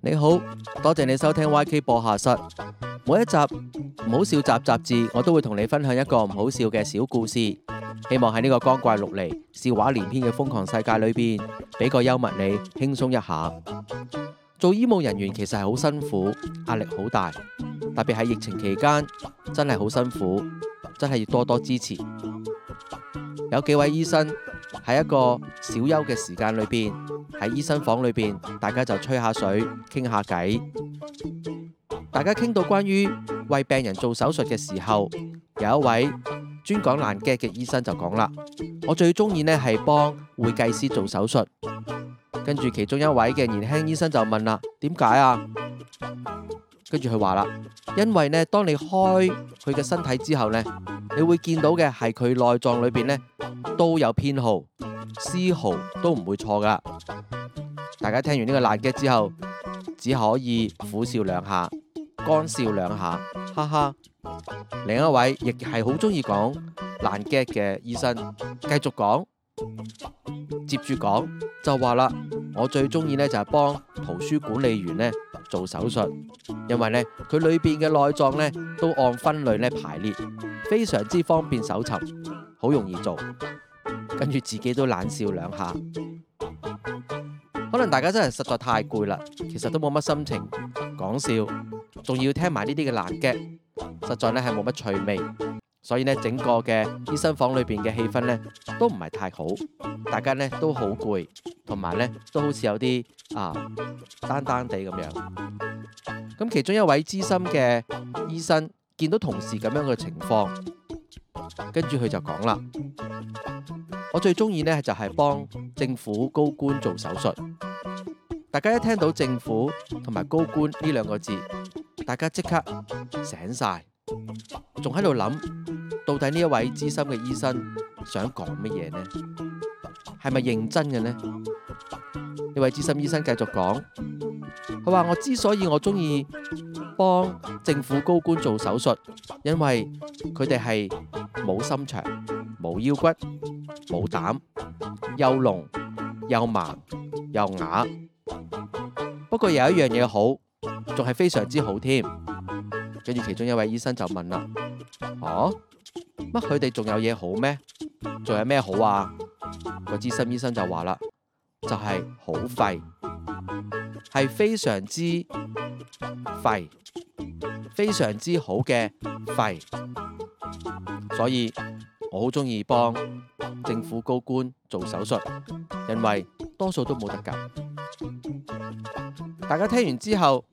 你好，多謝你收聽 YK 播客室每一集，唔好笑雜雜誌，我都會同你分享一個唔好笑嘅小故事。希望喺呢個光怪陸離、笑話連篇嘅瘋狂世界裏邊，俾個幽默你輕鬆一下。做醫務人員其實係好辛苦，壓力好大，特別喺疫情期間真係好辛苦，真係要多多支持。有幾位醫生喺一個小休嘅時間裏邊，喺醫生房裏邊，大家就吹下水，傾下偈，大家傾到關於為病人做手術嘅時候，有一位專講爛 gag 嘅醫生就講啦，我最中意呢係幫會計師做手術。跟住其中一位嘅年輕醫生就問啦，點解啊？跟住佢話啦，因為呢，當你開佢嘅身體之後呢，你會見到嘅係佢內臟裏邊呢都有編號，絲毫都唔會錯噶。大家聽完呢個爛 gag 之後，只可以苦笑兩下。乾笑兩下，哈哈！另一位亦係好中意講難 g 嘅醫生，繼續講，接住講就話啦，我最中意呢就係幫圖書管理員呢做手術，因為呢，佢裏邊嘅內臟呢都按分類咧排列，非常之方便搜尋，好容易做。跟住自己都冷笑兩下，可能大家真係實在太攰啦，其實都冇乜心情講笑。仲要聽埋呢啲嘅爛嘅，實在呢係冇乜趣味，所以呢，整個嘅醫生房裏邊嘅氣氛呢都唔係太好，大家呢都好攰，同埋呢都好似有啲啊單單地咁樣。咁其中一位資深嘅醫生見到同事咁樣嘅情況，跟住佢就講啦：我最中意呢就係幫政府高官做手術。大家一聽到政府同埋高官呢兩個字，大家即刻醒晒，仲喺度諗到底呢一位資深嘅醫生想講乜嘢呢？係咪認真嘅呢？呢位資深醫生繼續講，佢話：我之所以我鍾意幫政府高官做手術，因為佢哋係冇心腸、冇腰骨、冇膽、又聾又盲又啞。不過有一樣嘢好。仲係非常之好添，跟住其中一位醫生就問啦：哦、啊，乜佢哋仲有嘢好咩？仲有咩好啊？個資深醫生就話啦，就係好廢，係非常之廢，非常之好嘅廢，所以我好中意幫政府高官做手術，因為多數都冇得救。大家聽完之後，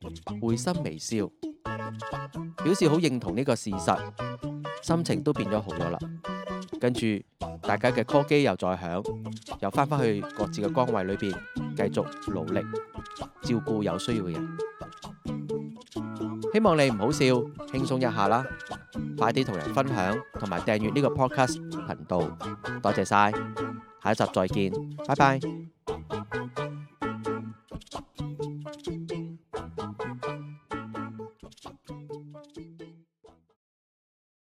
會心微笑，表示好認同呢個事實，心情都變咗好咗啦。跟住，大家嘅 call 機又再響，又翻返去各自嘅崗位裏邊，繼續努力照顧有需要嘅人。希望你唔好笑，輕鬆一下啦，快啲同人分享同埋訂閱呢個 podcast 頻道，多謝晒，下一集再見，拜拜。